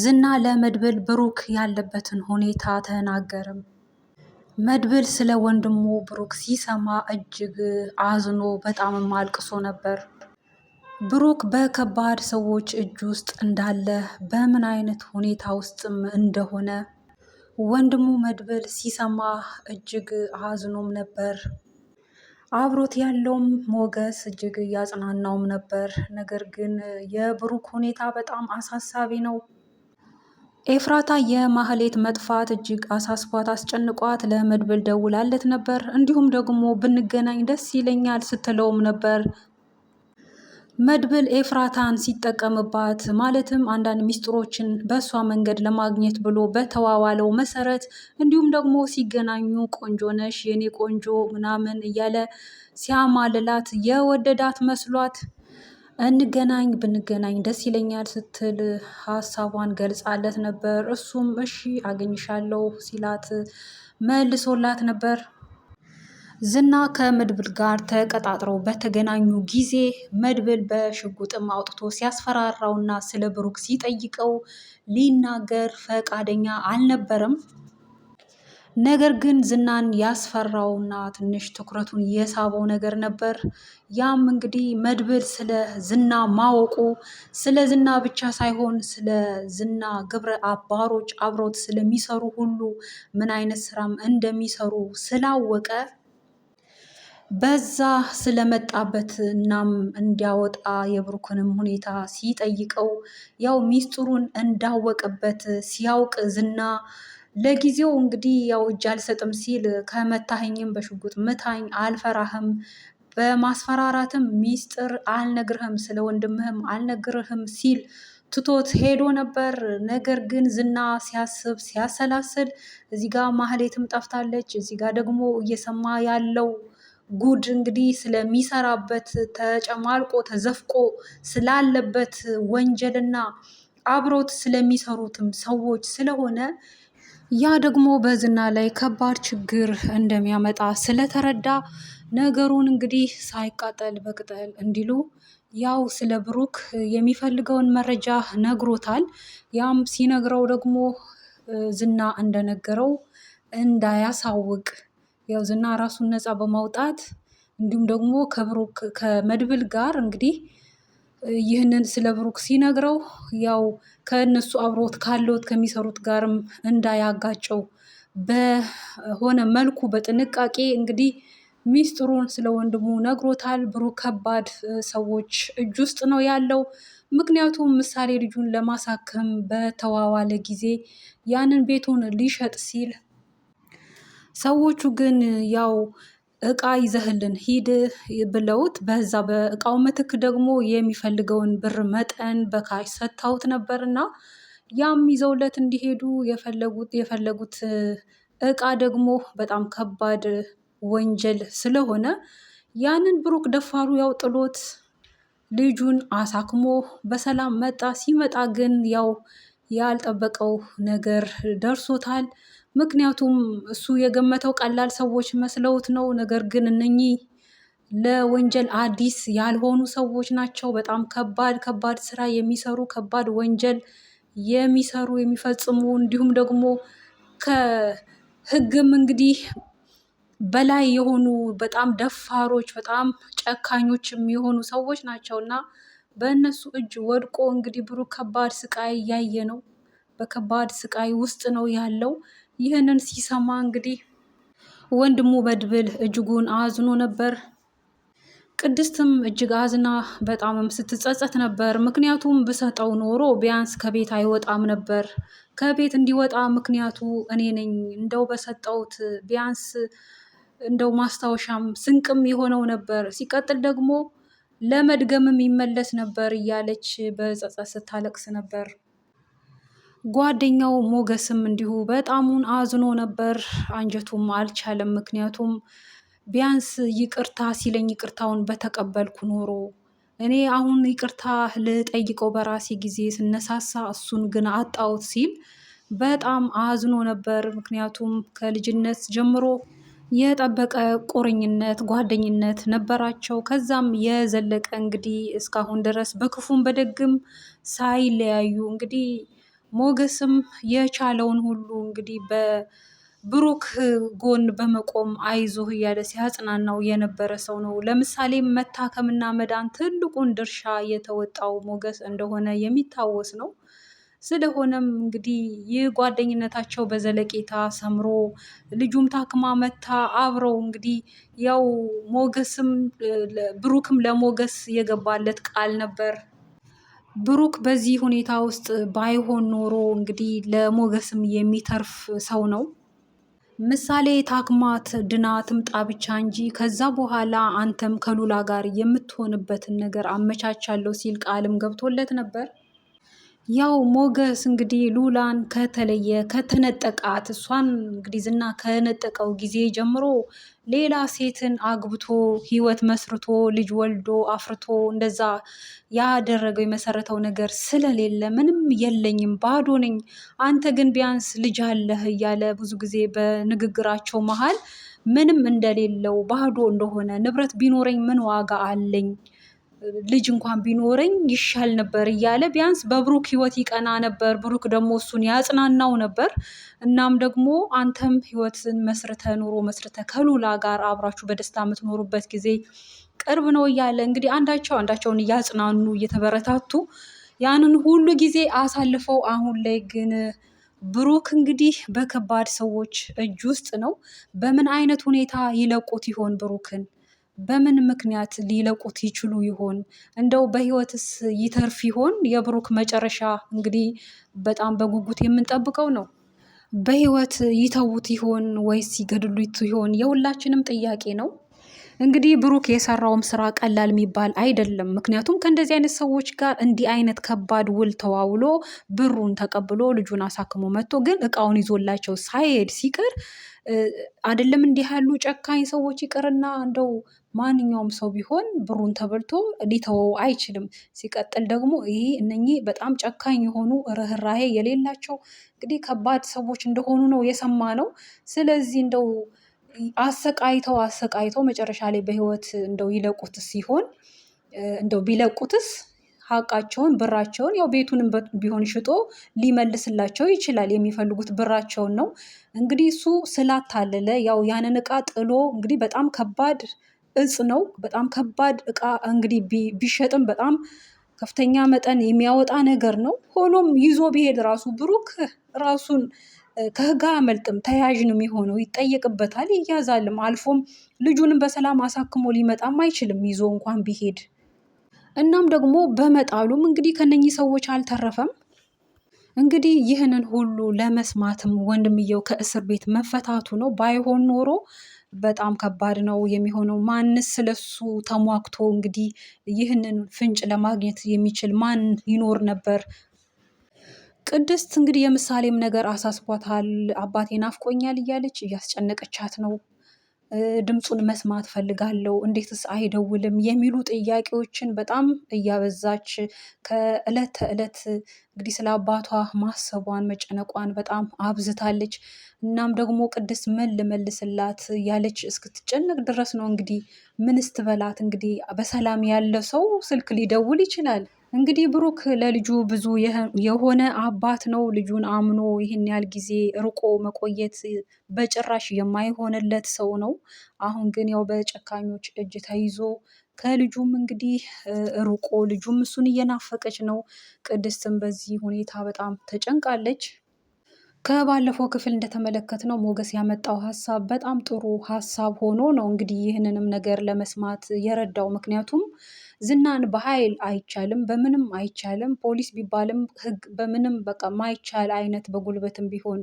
ዝና ለመድብል ብሩክ ያለበትን ሁኔታ ተናገርም። መድብል ስለ ወንድሙ ብሩክ ሲሰማ እጅግ አዝኖ በጣም አልቅሶ ነበር። ብሩክ በከባድ ሰዎች እጅ ውስጥ እንዳለ በምን አይነት ሁኔታ ውስጥም እንደሆነ ወንድሙ መድብል ሲሰማ እጅግ አዝኖም ነበር። አብሮት ያለውም ሞገስ እጅግ እያጽናናውም ነበር። ነገር ግን የብሩክ ሁኔታ በጣም አሳሳቢ ነው። ኤፍራታ የማህሌት መጥፋት እጅግ አሳስቧት አስጨንቋት ለመድብል ደውላለት ነበር። እንዲሁም ደግሞ ብንገናኝ ደስ ይለኛል ስትለውም ነበር። መድብል ኤፍራታን ሲጠቀምባት ማለትም አንዳንድ ሚስጥሮችን በእሷ መንገድ ለማግኘት ብሎ በተዋዋለው መሰረት እንዲሁም ደግሞ ሲገናኙ ቆንጆ ነሽ የኔ ቆንጆ ምናምን እያለ ሲያማልላት የወደዳት መስሏት እንገናኝ ብንገናኝ ደስ ይለኛል ስትል ሀሳቧን ገልጻለት ነበር። እሱም እሺ አገኝሻለሁ ሲላት መልሶላት ነበር። ዝና ከመድብል ጋር ተቀጣጥረው በተገናኙ ጊዜ መድብል በሽጉጥም አውጥቶ ሲያስፈራራውና ስለ ብሩክ ሲጠይቀው ሊናገር ፈቃደኛ አልነበረም። ነገር ግን ዝናን ያስፈራውና ትንሽ ትኩረቱን የሳበው ነገር ነበር። ያም እንግዲህ መድብል ስለ ዝና ማወቁ፣ ስለ ዝና ብቻ ሳይሆን ስለ ዝና ግብረ አባሮች አብሮት ስለሚሰሩ ሁሉ ምን አይነት ስራም እንደሚሰሩ ስላወቀ በዛ ስለመጣበት እናም እንዲያወጣ የብሩክንም ሁኔታ ሲጠይቀው ያው ሚስጥሩን እንዳወቀበት ሲያውቅ ዝና ለጊዜው እንግዲህ ያው እጅ አልሰጥም ሲል ከመታኸኝም በሽጉጥ ምታኝ፣ አልፈራህም በማስፈራራትም ሚስጥር አልነግርህም፣ ስለ ወንድምህም አልነግርህም ሲል ትቶት ሄዶ ነበር። ነገር ግን ዝና ሲያስብ ሲያሰላስል እዚህ ጋር ማህሌትም ጠፍታለች። እዚህ ጋር ደግሞ እየሰማ ያለው ጉድ እንግዲህ ስለሚሰራበት ተጨማልቆ ተዘፍቆ ስላለበት ወንጀልና አብሮት ስለሚሰሩትም ሰዎች ስለሆነ ያ ደግሞ በዝና ላይ ከባድ ችግር እንደሚያመጣ ስለተረዳ ነገሩን እንግዲህ ሳይቃጠል በቅጠል እንዲሉ ያው ስለ ብሩክ የሚፈልገውን መረጃ ነግሮታል። ያም ሲነግረው ደግሞ ዝና እንደነገረው እንዳያሳውቅ ያው ዝና ራሱን ነፃ በማውጣት እንዲሁም ደግሞ ከብሩክ ከመድብል ጋር እንግዲህ ይህንን ስለ ብሩክ ሲነግረው ያው ከእነሱ አብሮት ካለውት ከሚሰሩት ጋርም እንዳያጋጨው በሆነ መልኩ በጥንቃቄ እንግዲህ ሚስጥሩን ስለ ወንድሙ ነግሮታል። ብሩክ ከባድ ሰዎች እጅ ውስጥ ነው ያለው። ምክንያቱም ምሳሌ ልጁን ለማሳከም በተዋዋለ ጊዜ ያንን ቤቱን ሊሸጥ ሲል ሰዎቹ ግን ያው እቃ ይዘህልን ሂድ ብለውት በዛ በእቃው ምትክ ደግሞ የሚፈልገውን ብር መጠን በካሽ ሰጥተውት ነበርና ያም ይዘውለት እንዲሄዱ የፈለጉት እቃ ደግሞ በጣም ከባድ ወንጀል ስለሆነ ያንን ብሩክ ደፋሩ ያው ጥሎት ልጁን አሳክሞ በሰላም መጣ። ሲመጣ ግን ያው ያልጠበቀው ነገር ደርሶታል። ምክንያቱም እሱ የገመተው ቀላል ሰዎች መስለውት ነው። ነገር ግን እነኚህ ለወንጀል አዲስ ያልሆኑ ሰዎች ናቸው። በጣም ከባድ ከባድ ስራ የሚሰሩ ከባድ ወንጀል የሚሰሩ የሚፈጽሙ እንዲሁም ደግሞ ከህግም እንግዲህ በላይ የሆኑ በጣም ደፋሮች በጣም ጨካኞች የሚሆኑ ሰዎች ናቸው እና በእነሱ እጅ ወድቆ እንግዲህ ብሩክ ከባድ ስቃይ እያየ ነው። በከባድ ስቃይ ውስጥ ነው ያለው። ይህንን ሲሰማ እንግዲህ ወንድሙ መድብል እጅጉን አዝኖ ነበር። ቅድስትም እጅግ አዝና በጣምም ስትጸጸት ነበር። ምክንያቱም ብሰጠው ኖሮ ቢያንስ ከቤት አይወጣም ነበር። ከቤት እንዲወጣ ምክንያቱ እኔ ነኝ። እንደው በሰጠውት ቢያንስ እንደው ማስታወሻም ስንቅም የሆነው ነበር። ሲቀጥል ደግሞ ለመድገምም ይመለስ ነበር እያለች በጸጸት ስታለቅስ ነበር። ጓደኛው ሞገስም እንዲሁ በጣሙን አዝኖ ነበር። አንጀቱም አልቻለም። ምክንያቱም ቢያንስ ይቅርታ ሲለኝ ይቅርታውን በተቀበልኩ ኖሮ እኔ አሁን ይቅርታ ልጠይቀው በራሴ ጊዜ ስነሳሳ እሱን ግን አጣሁት ሲል በጣም አዝኖ ነበር። ምክንያቱም ከልጅነት ጀምሮ የጠበቀ ቁርኝነት፣ ጓደኝነት ነበራቸው። ከዛም የዘለቀ እንግዲህ እስካሁን ድረስ በክፉም በደግም ሳይለያዩ እንግዲህ ሞገስም የቻለውን ሁሉ እንግዲህ በብሩክ ጎን በመቆም አይዞህ እያለ ሲያጽናናው የነበረ ሰው ነው። ለምሳሌ መታከምና መዳን ትልቁን ድርሻ የተወጣው ሞገስ እንደሆነ የሚታወስ ነው። ስለሆነም እንግዲህ ይህ ጓደኝነታቸው በዘለቄታ ሰምሮ ልጁም ታክማ መታ አብረው እንግዲህ ያው ሞገስም ብሩክም ለሞገስ የገባለት ቃል ነበር ብሩክ በዚህ ሁኔታ ውስጥ ባይሆን ኖሮ እንግዲህ ለሞገስም የሚተርፍ ሰው ነው። ምሳሌ ታክማት ድና ትምጣ ብቻ እንጂ ከዛ በኋላ አንተም ከሉላ ጋር የምትሆንበትን ነገር አመቻቻለሁ ሲል ቃልም ገብቶለት ነበር። ያው ሞገስ እንግዲህ ሉላን ከተለየ ከተነጠቃት እሷን እንግዲህ ዝና ከነጠቀው ጊዜ ጀምሮ ሌላ ሴትን አግብቶ ህይወት መስርቶ ልጅ ወልዶ አፍርቶ እንደዛ ያደረገው የመሰረተው ነገር ስለሌለ ምንም የለኝም፣ ባዶ ነኝ፣ አንተ ግን ቢያንስ ልጅ አለህ እያለ ብዙ ጊዜ በንግግራቸው መሀል ምንም እንደሌለው ባዶ እንደሆነ ንብረት ቢኖረኝ ምን ዋጋ አለኝ ልጅ እንኳን ቢኖረኝ ይሻል ነበር እያለ ቢያንስ በብሩክ ህይወት ይቀና ነበር። ብሩክ ደግሞ እሱን ያጽናናው ነበር። እናም ደግሞ አንተም ህይወትን መስርተ ኑሮ መስርተ ከሉላ ጋር አብራችሁ በደስታ የምትኖሩበት ጊዜ ቅርብ ነው እያለ እንግዲህ አንዳቸው አንዳቸውን እያጽናኑ እየተበረታቱ ያንን ሁሉ ጊዜ አሳልፈው አሁን ላይ ግን ብሩክ እንግዲህ በከባድ ሰዎች እጅ ውስጥ ነው። በምን አይነት ሁኔታ ይለቁት ይሆን ብሩክን? በምን ምክንያት ሊለቁት ይችሉ ይሆን? እንደው በህይወትስ ይተርፍ ይሆን? የብሩክ መጨረሻ እንግዲህ በጣም በጉጉት የምንጠብቀው ነው። በህይወት ይተዉት ይሆን ወይስ ይገድሉት ይሆን? የሁላችንም ጥያቄ ነው። እንግዲህ ብሩክ የሰራውም ስራ ቀላል የሚባል አይደለም። ምክንያቱም ከእንደዚህ አይነት ሰዎች ጋር እንዲህ አይነት ከባድ ውል ተዋውሎ ብሩን ተቀብሎ ልጁን አሳክሞ መጥቶ ግን እቃውን ይዞላቸው ሳይሄድ ሲቀር አይደለም እንዲህ ያሉ ጨካኝ ሰዎች ይቅርና እንደው ማንኛውም ሰው ቢሆን ብሩን ተበልቶ ሊተወው አይችልም። ሲቀጥል ደግሞ ይሄ እነኚህ በጣም ጨካኝ የሆኑ ርህራሄ የሌላቸው እንግዲህ ከባድ ሰዎች እንደሆኑ ነው የሰማ ነው። ስለዚህ እንደው አሰቃይተው አሰቃይተው መጨረሻ ላይ በህይወት እንደው ይለቁትስ ሲሆን እንደው ቢለቁትስ ሀቃቸውን ብራቸውን ያው ቤቱንም ቢሆን ሽጦ ሊመልስላቸው ይችላል። የሚፈልጉት ብራቸውን ነው። እንግዲህ እሱ ስላታለለ ያው ያንን እቃ ጥሎ እንግዲህ በጣም ከባድ እጽ ነው። በጣም ከባድ እቃ እንግዲህ ቢሸጥም በጣም ከፍተኛ መጠን የሚያወጣ ነገር ነው። ሆኖም ይዞ ቢሄድ ራሱ ብሩክ ራሱን ከህግ አያመልጥም። ተያዥ ነው የሚሆነው፣ ይጠየቅበታል፣ ይያዛልም። አልፎም ልጁንም በሰላም አሳክሞ ሊመጣም አይችልም ይዞ እንኳን ቢሄድ እናም ደግሞ በመጣሉም እንግዲህ ከነኚህ ሰዎች አልተረፈም። እንግዲህ ይህንን ሁሉ ለመስማትም ወንድምየው ከእስር ቤት መፈታቱ ነው። ባይሆን ኖሮ በጣም ከባድ ነው የሚሆነው። ማንስ ስለሱ ተሟግቶ እንግዲህ ይህንን ፍንጭ ለማግኘት የሚችል ማን ይኖር ነበር? ቅድስት እንግዲህ የምሳሌም ነገር አሳስቧታል። አባቴ ናፍቆኛል እያለች እያስጨነቀቻት ነው። ድምፁን መስማት ፈልጋለሁ፣ እንዴትስ አይደውልም የሚሉ ጥያቄዎችን በጣም እያበዛች ከእለት ተዕለት እንግዲህ ስለ አባቷ ማሰቧን መጨነቋን በጣም አብዝታለች። እናም ደግሞ ቅድስት ምን ልመልስላት ያለች እስክትጨነቅ ድረስ ነው። እንግዲህ ምንስትበላት እንግዲህ በሰላም ያለ ሰው ስልክ ሊደውል ይችላል። እንግዲህ ብሩክ ለልጁ ብዙ የሆነ አባት ነው። ልጁን አምኖ ይህን ያህል ጊዜ ርቆ መቆየት በጭራሽ የማይሆንለት ሰው ነው። አሁን ግን ያው በጨካኞች እጅ ተይዞ ከልጁም እንግዲህ ርቆ ልጁም እሱን እየናፈቀች ነው። ቅድስትም በዚህ ሁኔታ በጣም ተጨንቃለች። ከባለፈው ክፍል እንደተመለከትነው ሞገስ ያመጣው ሀሳብ በጣም ጥሩ ሀሳብ ሆኖ ነው እንግዲህ ይህንንም ነገር ለመስማት የረዳው። ምክንያቱም ዝናን በኃይል አይቻልም፣ በምንም አይቻልም፣ ፖሊስ ቢባልም ህግ በምንም በቃ ማይቻል አይነት በጉልበትም ቢሆን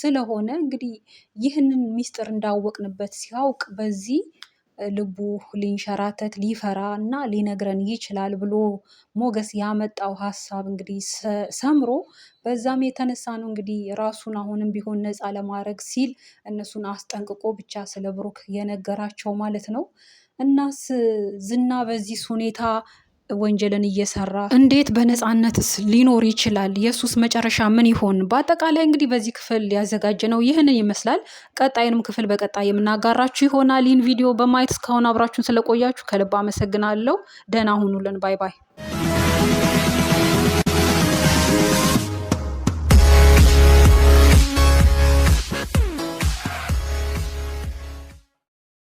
ስለሆነ እንግዲህ ይህንን ሚስጥር እንዳወቅንበት ሲያውቅ በዚህ ልቡ ሊንሸራተት ሊፈራ እና ሊነግረን ይችላል ብሎ ሞገስ ያመጣው ሀሳብ እንግዲህ ሰምሮ በዛም የተነሳ ነው እንግዲህ ራሱን አሁንም ቢሆን ነፃ ለማድረግ ሲል እነሱን አስጠንቅቆ ብቻ ስለ ብሩክ የነገራቸው ማለት ነው። እናስ ዝና በዚህ ሁኔታ ወንጀልን እየሰራ እንዴት በነፃነትስ ሊኖር ይችላል? የሱስ መጨረሻ ምን ይሆን? በአጠቃላይ እንግዲህ በዚህ ክፍል ያዘጋጀ ነው ይህንን ይመስላል። ቀጣይንም ክፍል በቀጣይ የምናጋራችሁ ይሆናል። ይህን ቪዲዮ በማየት እስካሁን አብራችሁን ስለቆያችሁ ከልብ አመሰግናለሁ። ደህና ሁኑልን። ባይ ባይ።